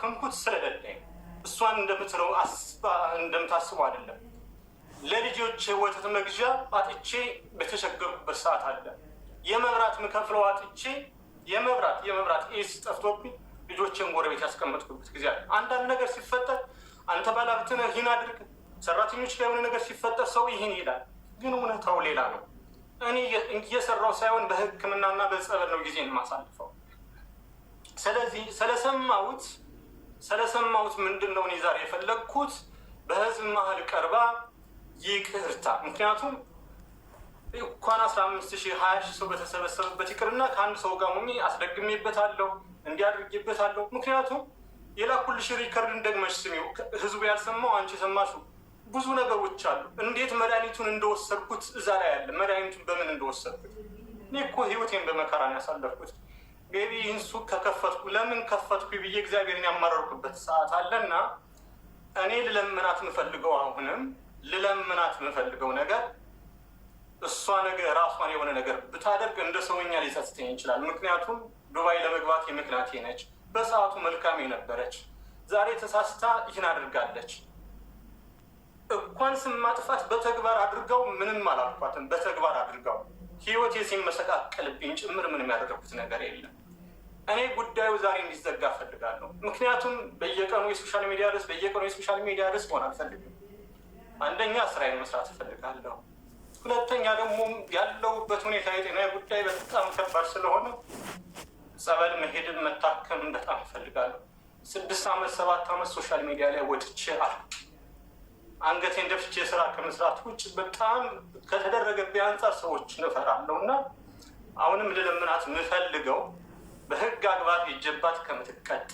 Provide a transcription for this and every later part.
ያሳከምኩት ስለሌለኝ እሷን እንደምትለው እንደምታስበው አይደለም። ለልጆቼ ወተት መግዣ አጥቼ በተቸገርኩበት ሰዓት አለ። የመብራት ምከፍለው አጥቼ የመብራት የመብራት ኤስ ጠፍቶብኝ ልጆችን ጎረቤት ያስቀመጥኩበት ጊዜ አለ። አንዳንድ ነገር ሲፈጠር አንተ ባላብት ይህን አድርግ፣ ሰራተኞች ላይ የሆነ ነገር ሲፈጠር ሰው ይህን ይላል። ግን እውነታው ሌላ ነው። እኔ እየሰራው ሳይሆን በህክምናና በጸበል ነው ጊዜን የማሳልፈው። ስለዚህ ስለሰማሁት ስለሰማሁት ምንድን ነው እኔ ዛሬ የፈለግኩት በህዝብ መሀል ቀርባ ይቅርታ። ምክንያቱም እንኳን አስራ አምስት ሺህ ሀያ ሺህ ሰው በተሰበሰበበት ይቅርና ከአንድ ሰው ጋር ሆኜ አስደግሜበታለሁ፣ እንዲያድርጌበታለሁ። ምክንያቱም የላኩልሽ ሪከርድን ደግመሽ ስሚው። ህዝቡ ያልሰማው አንቺ የሰማሽው ብዙ ነገሮች አሉ። እንዴት መድኃኒቱን እንደወሰድኩት እዛ ላይ ያለ መድኃኒቱን በምን እንደወሰድኩት እኔ እኮ ህይወቴን በመከራ ነው ያሳለፍኩት። ገቢ እንሱ ከከፈትኩ ለምን ከፈትኩ ብዬ እግዚአብሔርን ያማረርኩበት ሰዓት አለና እኔ ልለምናት የምፈልገው አሁንም ልለምናት የምፈልገው ነገር እሷ ነገ ራሷን የሆነ ነገር ብታደርግ እንደ ሰውኛ ሊጸጽተኝ ይችላል። ምክንያቱም ዱባይ ለመግባት የምክንያቴ ነች። በሰዓቱ መልካም የነበረች ዛሬ ተሳስታ ይህን አድርጋለች። እንኳን ስም ማጥፋት በተግባር አድርገው ምንም አላልኳትም። በተግባር አድርገው ህይወቴ ሲመሰቃቀልብኝ ጭምር ምንም ያደረግኩት ነገር የለም። እኔ ጉዳዩ ዛሬ እንዲዘጋ ፈልጋለሁ። ምክንያቱም በየቀኑ የሶሻል ሚዲያ ርዕስ በየቀኑ የሶሻል ሚዲያ ርዕስ ሆን አልፈልግም። አንደኛ ስራዬን መስራት እፈልጋለሁ። ሁለተኛ ደግሞ ያለሁበት ሁኔታ የጤና ጉዳይ በጣም ከባድ ስለሆነ ጸበል መሄድን መታከም በጣም እፈልጋለሁ። ስድስት ዓመት ሰባት ዓመት ሶሻል ሚዲያ ላይ ወጥቼ አል አንገቴን ደፍቼ ስራ ከመስራት ውጭ በጣም ከተደረገብኝ አንጻር ሰዎች እንፈራለሁ እና አሁንም ልለምናት የምፈልገው በህግ አግባብ ይጀባት ከምትቀጣ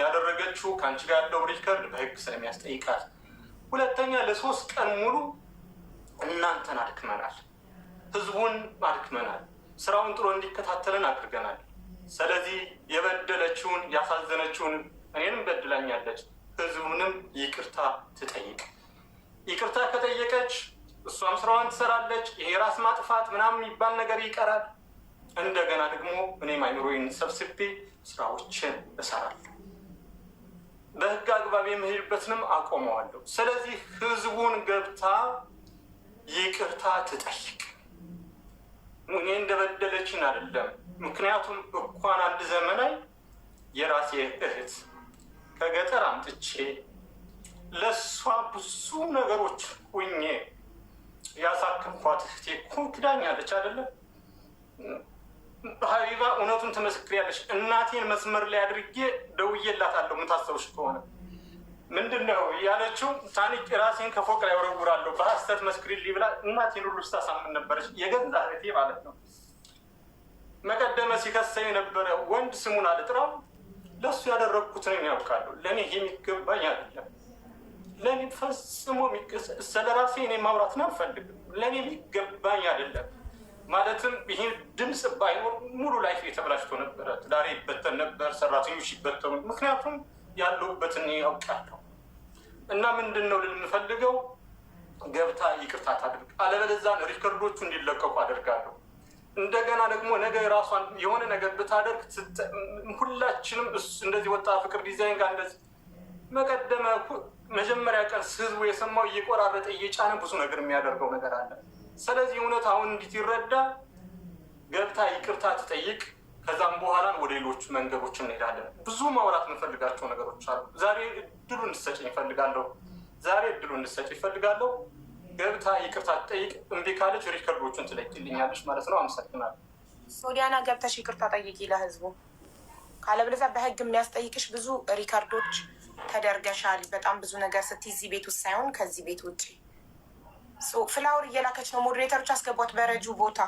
ያደረገችው ከአንቺ ጋር ያለው ሪከርድ በህግ ስለሚያስጠይቃት፣ ሁለተኛ ለሶስት ቀን ሙሉ እናንተን አድክመናል፣ ህዝቡን አድክመናል፣ ስራውን ጥሎ እንዲከታተለን አድርገናል። ስለዚህ የበደለችውን ያሳዘነችውን እኔንም በድላኛለች፣ ህዝቡንም ይቅርታ ትጠይቅ። ይቅርታ ከጠየቀች እሷም ስራዋን ትሰራለች። ይሄ ራስ ማጥፋት ምናምን የሚባል ነገር ይቀራል። እንደገና ደግሞ እኔም አይምሮዬን ሰብስቤ ስራዎችን እሰራለሁ፣ በህግ አግባብ የምሄድበትንም አቆመዋለሁ። ስለዚህ ህዝቡን ገብታ ይቅርታ ትጠይቅ። እኔ እንደበደለችን አይደለም። ምክንያቱም እንኳን አንድ ዘመናይ የራሴ እህት ከገጠር አምጥቼ ለእሷ ብዙ ነገሮች ሁኜ ያሳክምኳት እህቴ እኮ ክዳኛለች አይደለም ሀቢባ እውነቱን ትመስክሪያለሽ። እናቴን መስመር ላይ አድርጌ ደውዬላታለሁ። የምታስታውሽ ከሆነ ምንድን ነው ያለችው? ታኒቅ ራሴን ከፎቅ ላይ ወረውራለሁ በሀሰት መስክሪልኝ ብላ እናቴን ሁሉ ስታሳምን ነበረች። የገዛ እህቴ ማለት ነው። መቀደመ ሲከሰኝ ነበረ ወንድ ስሙን አልጥራም። ለእሱ ያደረግኩትን ያውቃሉ። ለእኔ የሚገባኝ አይደለም። ለእኔ ፈጽሞ ስለ ራሴ እኔ ነው አልፈልግም። ለእኔ የሚገባኝ አይደለም። ማለትም ይሄ ድምፅ ባይኖር ሙሉ ላይፍ የተበላሽቶ ነበረ። ትዳሬ ይበተን ነበር፣ ሰራተኞች ይበተኑ። ምክንያቱም ያለሁበትን እኔ አውቃለሁ። እና ምንድን ነው ልንፈልገው ገብታ ይቅርታ ታድርግ፣ አለበለዚያ ሪከርዶቹ እንዲለቀቁ አደርጋለሁ። እንደገና ደግሞ ነገ ራሷን የሆነ ነገር ብታደርግ ሁላችንም እንደዚህ ወጣ ፍቅር ዲዛይን ጋር እንደዚህ መቀደመ መጀመሪያ ቀን ህዝቡ የሰማው እየቆራረጠ እየጫነ ብዙ ነገር የሚያደርገው ነገር አለ። ስለዚህ እውነት አሁን እንዲትረዳ ገብታ ይቅርታ ትጠይቅ። ከዛም በኋላ ወደ ሌሎች መንገዶች እንሄዳለን። ብዙ ማውራት እንፈልጋቸው ነገሮች አሉ። ዛሬ እድሉ እንድሰጭ ይፈልጋለሁ። ዛሬ እድሉ እንድሰጭ ይፈልጋለሁ። ገብታ ይቅርታ ትጠይቅ። እምቢ ካለች ሪከርዶቹን ትለቅልኛለች ማለት ነው። አመሰግናለሁ። ሶዲያና ገብተሽ ይቅርታ ጠይቂ ለህዝቡ። ካለበለዚያ በህግ የሚያስጠይቅሽ ብዙ ሪከርዶች ተደርገሻል። በጣም ብዙ ነገር ስትይ ቤት ውስጥ ሳይሆን ከዚህ ቤት ውጭ ፍላወር እየላከች ነው። ሞዴሬተሮች አስገቧት በረጁ ቦታ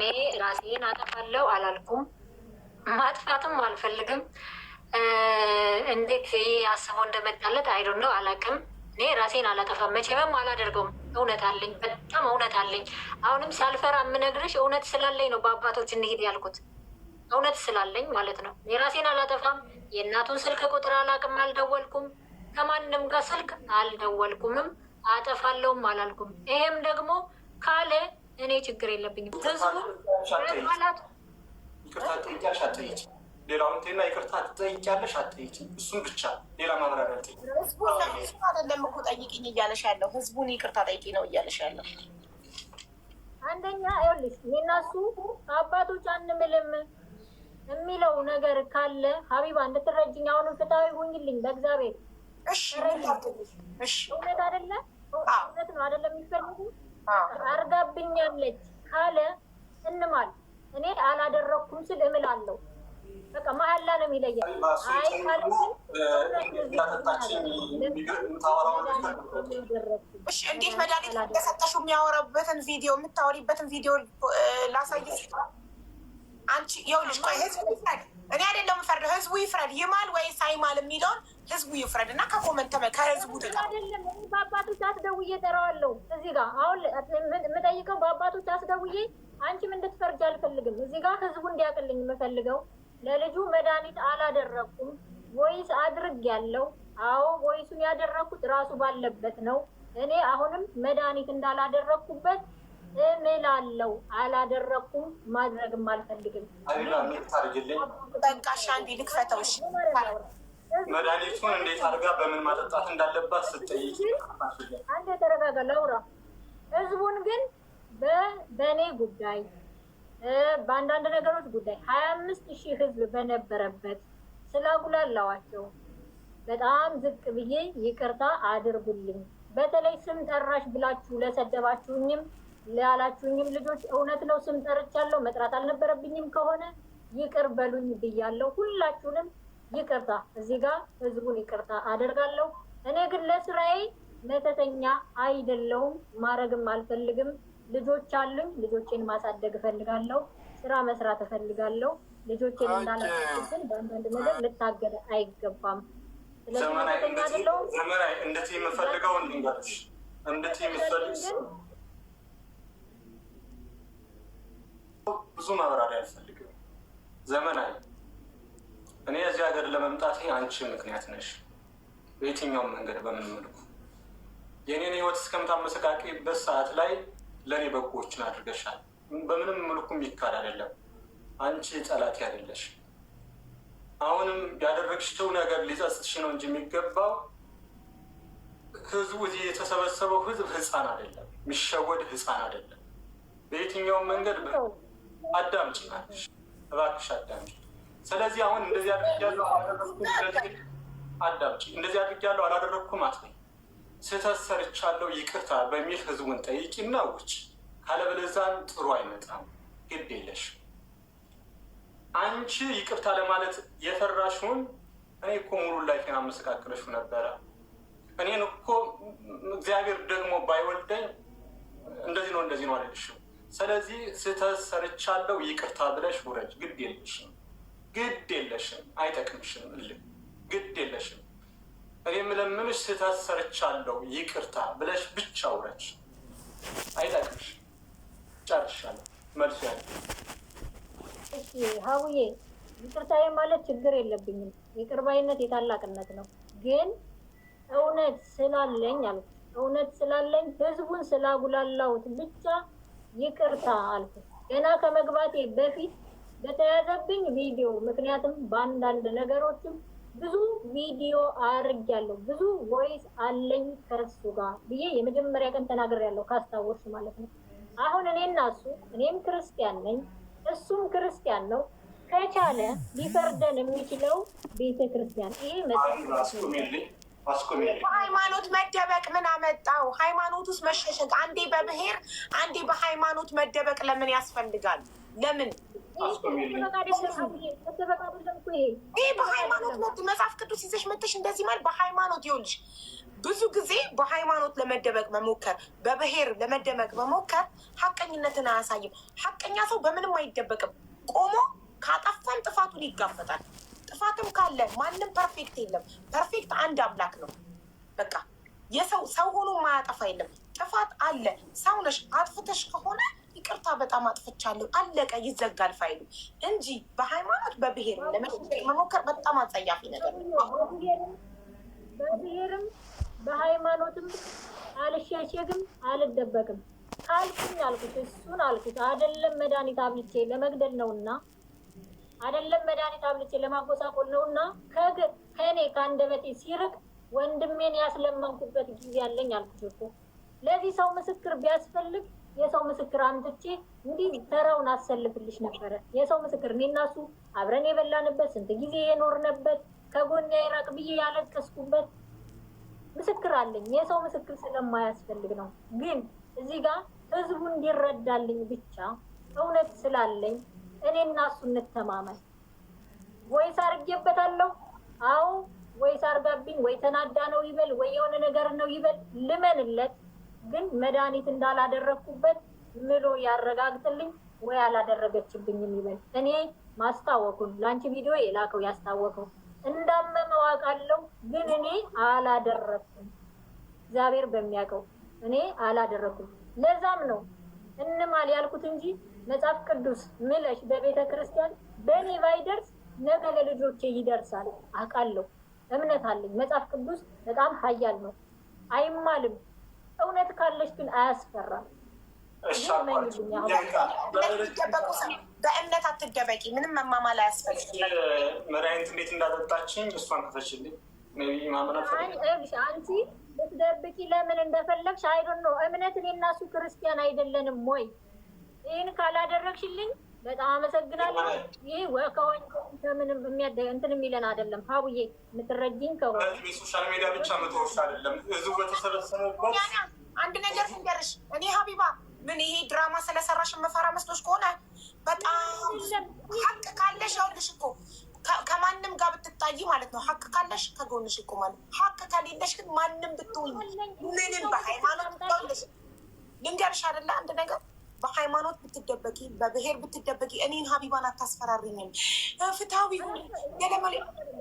እኔ ራሴን አጠፋለሁ አላልኩም፣ ማጥፋትም አልፈልግም። እንዴት አስበው እንደመጣለት አይዶ ነው አላውቅም። እኔ ራሴን አላጠፋም፣ መቼምም አላደርገውም። እውነት አለኝ፣ በጣም እውነት አለኝ። አሁንም ሳልፈራ የምነግርሽ እውነት ስላለኝ ነው በአባቶች እንሄድ ያልኩት እውነት ስላለኝ ማለት ነው። ራሴን አላጠፋም። የእናቱን ስልክ ቁጥር አላውቅም፣ አልደወልኩም። ከማንም ጋር ስልክ አልደወልኩምም፣ አጠፋለሁም አላልኩም። ይሄም ደግሞ ካለ እኔ ችግር የለብኝም። ይቅርታ ጠይቂያለሽ ይቅርታ ትጠይቂያለሽ እሱን ብቻ ሌላ ማብራሪያ አይደለም እኮ ጠይቂኝ እያለሽ ያለው ህዝቡን ይቅርታ ጠይቂ ነው እያለሽ ያለው። አንደኛ ይኸውልሽ የእነሱ አባቶች አንምልም የሚለው ነገር ካለ ሀቢባ እንድትረጅኝ አሁንም ፍትሐዊ ሁኝልኝ በእግዚአብሔር። እሺ እውነት እውነት ነው አይደለም የሚፈልጉ አርጋብኛለች ካለ እንማል። እኔ አላደረኩም ስል እምላለሁ። በቃ መሀላ ነው የሚለየው። እንዴት መድኃኒት እንደሰጠሽ የሚያወራበትን ቪዲዮ የምታወሪበትን ቪዲዮ ላሳይ። አንቺ ይኸውልሽ፣ ቆይ ህዝቡ ይፍረድ። እኔ አይደለም የምፈርደው፣ ህዝቡ ይፍረድ። ይማል ወይስ አይማል የሚለውን ህዝቡ ይፍረድ እና ከኮመንት ከህዝቡ አይደለም። በአባቶች አስደውዬ እጠራዋለሁ። እዚህ ጋር አሁን የምጠይቀው በአባቶች አስደውዬ አንቺም እንድትፈርጅ አልፈልግም። እዚህ ጋር ህዝቡ እንዲያቅልኝ የምፈልገው ለልጁ መድኃኒት አላደረግኩም ቮይስ አድርግ ያለው አዎ፣ ቮይሱን ያደረግኩት ራሱ ባለበት ነው። እኔ አሁንም መድኃኒት እንዳላደረግኩበት እምላለሁ። አላደረግኩም፣ ማድረግም አልፈልግም። በቃ ሻንዲ ልክፈተውሽ መድኃኒቱን እንዴት አድርጋ በምን ማጠጣት እንዳለባት ስጠይቅ፣ አንድ የተረጋጋ ለውራ ህዝቡን ግን በእኔ ጉዳይ በአንዳንድ ነገሮች ጉዳይ ሀያ አምስት ሺህ ህዝብ በነበረበት ስላጉላላዋቸው በጣም ዝቅ ብዬ ይቅርታ አድርጉልኝ። በተለይ ስም ጠራሽ ብላችሁ ለሰደባችሁኝም ላላችሁኝም ልጆች እውነት ነው ስም ጠርቻለሁ፣ መጥራት አልነበረብኝም ከሆነ ይቅር በሉኝ ብያለሁ ሁላችሁንም ይቅርታ እዚህ ጋር ህዝቡን ይቅርታ አደርጋለሁ። እኔ ግን ለስራዬ መተተኛ አይደለውም፣ ማድረግም አልፈልግም። ልጆች አሉኝ፣ ልጆቼን ማሳደግ እፈልጋለሁ፣ ስራ መስራት እፈልጋለሁ። ልጆቼን እንዳላሳደግን በአንዳንድ ነገር ልታገደ አይገባም። ስለዚህ መተተኛ አይደለሁም። እንደዚህ የምፈልገው እንዲንገርሽ እንደት የምፈልግ ብዙ ማብራሪያ አልፈልግም ዘመናይ እኔ እዚህ ሀገር ለመምጣት አንቺ ምክንያት ነሽ። በየትኛውም መንገድ በምን መልኩ የእኔን ህይወት እስከምታመሰቃቂበት ሰዓት ላይ ለእኔ በጎዎችን አድርገሻል። በምንም መልኩ የሚካድ አይደለም። አንቺ ጠላት ያደለሽ አሁንም ያደረግሽው ነገር ሊጸጽትሽ ነው እንጂ የሚገባው ህዝቡ እዚህ የተሰበሰበው ህዝብ ህፃን አይደለም፣ የሚሸወድ ህፃን አይደለም። በየትኛውም መንገድ አዳምጪ ናለሽ። እባክሽ አዳምጪ ስለዚህ አሁን እንደዚህ አድርጊያለሁ ስለዚህ አዳምጪ፣ እንደዚህ አድርጊያለሁ አላደረኩም አትበይ። ስህተት ሰርቻለሁ ይቅርታ በሚል ህዝቡን ጠይቂና ውጭ፣ ካለበለዛም ጥሩ አይመጣም። ግድ የለሽ አንቺ ይቅርታ ለማለት የፈራሽውን እኔ እኮ ሙሉ ላይፌን አመሰቃቅለሽ ነበረ። እኔን እኮ እግዚአብሔር ደግሞ ባይወልደኝ እንደዚህ ነው እንደዚህ ነው አልልሽም። ስለዚህ ስህተት ሰርቻለሁ ይቅርታ ብለሽ ውረጅ፣ ግድ የለሽም። ግድ የለሽም፣ አይጠቅምሽም፣ እልም ግድ የለሽም። እኔ የምለምንሽ ስህተት ሰርቻለሁ ይቅርታ ብለሽ ብቻ ውረች። አይጠቅምሽ። ጨርሻለሁ። መልሱ ያለ ሀቡዬ፣ ይቅርታዬ ማለት ችግር የለብኝም። ይቅርባይነት የታላቅነት ነው። ግን እውነት ስላለኝ አልኩ እውነት ስላለኝ ህዝቡን ስላጉላላሁት ብቻ ይቅርታ አልኩ ገና ከመግባቴ በፊት በተያዘብኝ ቪዲዮ ምክንያቱም በአንዳንድ ነገሮችም ብዙ ቪዲዮ አድርጌያለሁ። ብዙ ቮይስ አለኝ ከሱ ጋር ብዬ የመጀመሪያ ቀን ተናግሬያለሁ፣ ካስታወስሽ ማለት ነው። አሁን እኔና እሱ እኔም ክርስቲያን ነኝ፣ እሱም ክርስቲያን ነው። ከቻለ ሊፈርደን የሚችለው ቤተ ክርስቲያን ይሄ በሃይማኖት መደበቅ ምን አመጣው? ሃይማኖት ውስጥ መሸሸግ፣ አንዴ በብሔር አንዴ በሃይማኖት መደበቅ ለምን ያስፈልጋል? ለምን ይህ በሃይማኖት ነው? መጽሐፍ ቅዱስ ይዘሽ መተሽ እንደዚህ ማለት በሃይማኖት ይኸውልሽ፣ ብዙ ጊዜ በሃይማኖት ለመደበቅ መሞከር፣ በብሔር ለመደመቅ መሞከር ሀቀኝነትን አያሳይም። ሀቀኛ ሰው በምንም አይደበቅም። ቆሞ ካጠፋም ጥፋቱን ይጋፈጣል። ጥፋትም ካለ ማንም ፐርፌክት የለም። ፐርፌክት አንድ አምላክ ነው። በቃ የሰው ሰው ሆኖ ማያጠፋ የለም። ጥፋት አለ። ሰው ነሽ አጥፍተሽ ከሆነ ይቅርታ በጣም አጥፍቻለሁ፣ አለቀ፣ ይዘጋል ፋይሉ እንጂ በሃይማኖት በብሄር ለመሸፈር መሞከር በጣም አጸያፊ ነገር ነው። በሃይማኖትም አልሸሸግም፣ አልደበቅም። ካልኩኝ አልኩት፣ እሱን አልኩት። አይደለም መድኃኒት አብልቼ ለመግደል ነውና አይደለም መድኃኒት አብልቼ ለማጎሳቆል ነውና ከእኔ ከአንደበቴ ሲርቅ ወንድሜን ያስለመንኩበት ጊዜ አለኝ አልኩት እኮ ለዚህ ሰው ምስክር ቢያስፈልግ የሰው ምስክር አምጥቼ እንዲህ ተራውን አሰልፍልሽ ነበረ። የሰው ምስክር እኔ እና እሱ አብረን የበላንበት ስንት ጊዜ የኖርንበት ከጎን አይራቅ ብዬ ያለቀስኩበት ምስክር አለኝ። የሰው ምስክር ስለማያስፈልግ ነው። ግን እዚህ ጋር ህዝቡ እንዲረዳልኝ ብቻ እውነት ስላለኝ እኔ እና እሱ እንተማመን። ወይስ አርጌበታለሁ? አዎ። ወይስ አርጋብኝ ወይ ተናዳ ነው ይበል ወይ የሆነ ነገር ነው ይበል ልመንለት ግን መድኃኒት እንዳላደረግኩበት ምሎ ያረጋግጥልኝ ወይ አላደረገችብኝ የሚበል እኔ ማስታወኩን ለአንቺ ቪዲዮ የላከው ያስታወቀው እንዳመመው አውቃለሁ፣ ግን እኔ አላደረግኩም። እግዚአብሔር በሚያውቀው እኔ አላደረግኩም። ለዛም ነው እንማል ያልኩት እንጂ መጽሐፍ ቅዱስ ምለሽ በቤተ ክርስቲያን በእኔ ባይደርስ ነገ ለልጆቼ ይደርሳል። አውቃለሁ፣ እምነት አለኝ። መጽሐፍ ቅዱስ በጣም ኃያል ነው፣ አይማልም። እውነት ካለች ግን አያስፈራም። በእምነት አትደበቂ። ምንም መማማል አያስፈልግም። መድኃኒት እንዴት እንዳጠጣችኝ እሷን ከፈችልኝ። አንቺ ልትደብቂ ለምን እንደፈለግሽ አይዶን ነው እምነት። እኔ እና እሱ ክርስቲያን አይደለንም ወይ? ይህን ካላደረግሽልኝ በጣም አመሰግናለሁ። ይህ ከሆኝ ከምንም እንትን የሚለን አይደለም። ሀቡዬ የምትረጂኝ ከሆነ ሶሻል ሜዲያ ብቻ መተወስ አይደለም። እዚሁ በተሰበሰበበት አንድ ነገር ስንገርሽ እኔ ሀቢባ ምን ይሄ ድራማ ስለሰራሽ መፈራ መስሎች ከሆነ በጣም ሀቅ ካለሽ ያውልሽ እኮ ከማንም ጋር ብትታይ ማለት ነው። ሀቅ ካለሽ ከጎንሽ ይቆማል። ሀቅ ከሌለሽ ግን ማንም ብትውኝ ምንም በሃይማኖት ልንገርሽ አይደለ አንድ ነገር በሃይማኖት ብትደበቂ፣ በብሔር ብትደበቂ እኔን ሀቢባን አታስፈራሪኝም። ፍትሃዊ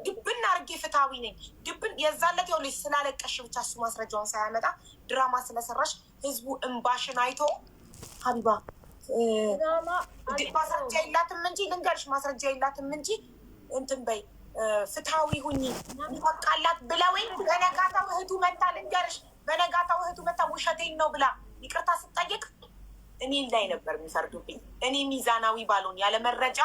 ድብን አርጌ ፍትሃዊ ነኝ። ድብን የዛለት የው ልጅ ስላለቀሽ ብቻ እሱ ማስረጃውን ሳያመጣ ድራማ ስለሰራሽ ህዝቡ እምባሽን አይቶ ሀቢባ ማስረጃ የላትም እንጂ ልንገርሽ፣ ማስረጃ የላትም እንጂ እንትን በይ ፍትሃዊ ሁኚ ይፈቃላት ብለውኝ በነጋታው እህቱ መታ ልንገርሽ፣ በነጋታው እህቱ መታ ውሸቴን ነው ብላ ይቅርታ ስጠየቅ እኔ ላይ ነበር የሚፈርዱብኝ። እኔ ሚዛናዊ ባልሆን ያለመረጃ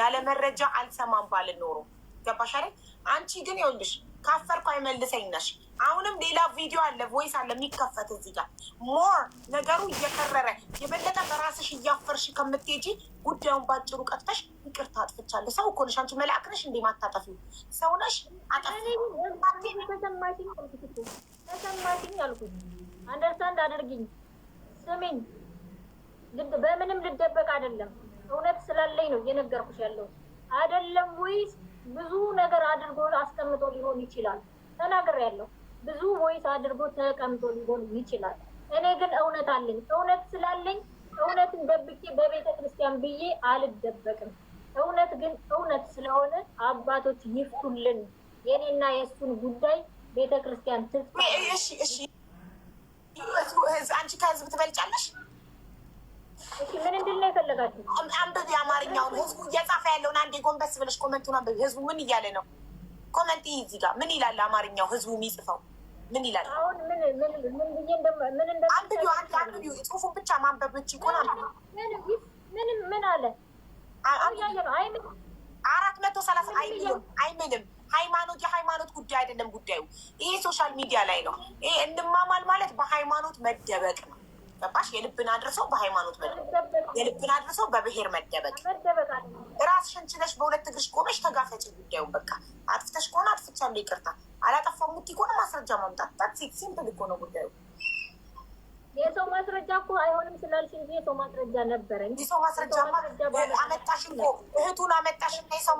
ያለመረጃ አልሰማም ባልን ኖሮ ገባሽ አይደል? አንቺ ግን ይኸውልሽ ካፈርኳ አይመልሰኝ ነሽ። አሁንም ሌላ ቪዲዮ አለ፣ ቮይስ አለ የሚከፈት እዚህ ጋር ሞር ነገሩ እየከረረ የበለጠ በራስሽ እያፈርሽ ከምትሄጂ ጉዳዩን ባጭሩ ቀጥተሽ ይቅርታ አጥፍቻለሁ። ሰው እኮ ነሽ አንቺ፣ መልአክ ነሽ እንዴ ማታጠፊው? ሰው ነሽ አጠፊተሰማኝ አልኩኝ። አንደርስታንድ አድርግኝ፣ ስሚኝ በምንም ልደበቅ አይደለም። እውነት ስላለኝ ነው እየነገርኩሽ ያለው አይደለም ወይስ ብዙ ነገር አድርጎ አስቀምጦ ሊሆን ይችላል። ተናገር ያለው ብዙ ወይስ አድርጎ ተቀምጦ ሊሆን ይችላል። እኔ ግን እውነት አለኝ። እውነት ስላለኝ እውነትን ደብቄ በቤተ ክርስቲያን ብዬ አልደበቅም። እውነት ግን እውነት ስለሆነ አባቶች ይፍቱልን። የኔና የእሱን ጉዳይ ቤተ ክርስቲያን ትፍታ። አንቺ ከህዝብ ትበልጫለሽ። ምን እንድል ነው አንብብ። የአማርኛውን ህዝቡ እየጻፈ ያለውን አንዴ ጎንበስ ብለሽ ኮመንቱን አንብብ። ህዝቡ ምን እያለ ነው? ኮመንት እዚህ ጋር ምን ይላል? አማርኛው ህዝቡ የሚጽፈው ምን ይላል? ጽሁፉን ብቻ ማንበብ ይቆና። ምን ምን አለ? አራት መቶ ሰላሳ አይምልም፣ አይምልም። ሃይማኖት የሃይማኖት ጉዳይ አይደለም ጉዳዩ። ይሄ ሶሻል ሚዲያ ላይ ነው። ይሄ እንማማል ማለት በሃይማኖት መደበቅ ነው። ገባሽ? የልብን አድርሰው በሃይማኖት መደበቅ፣ የልብን አድርሰው በብሔር መደበቅ። ራስሽን ችለሽ በሁለት እግርሽ ቆመሽ ተጋፈጭ ጉዳዩን። በቃ አጥፍተሽ ከሆነ አጥፍቻለሁ ይቅርታ፣ አላጠፋሁም የምትይ ከሆነ ማስረጃ ማምጣት ታክሲ ሲምፕል እኮ ነው ጉዳዩ። የሰው ማስረጃ እኮ አይሆንም ስላልሽ እንጂ የሰው ማስረጃ ነበረ። የሰው ማስረጃማ አመጣሽ እኮ እህቱን አመጣሽ እና የሰው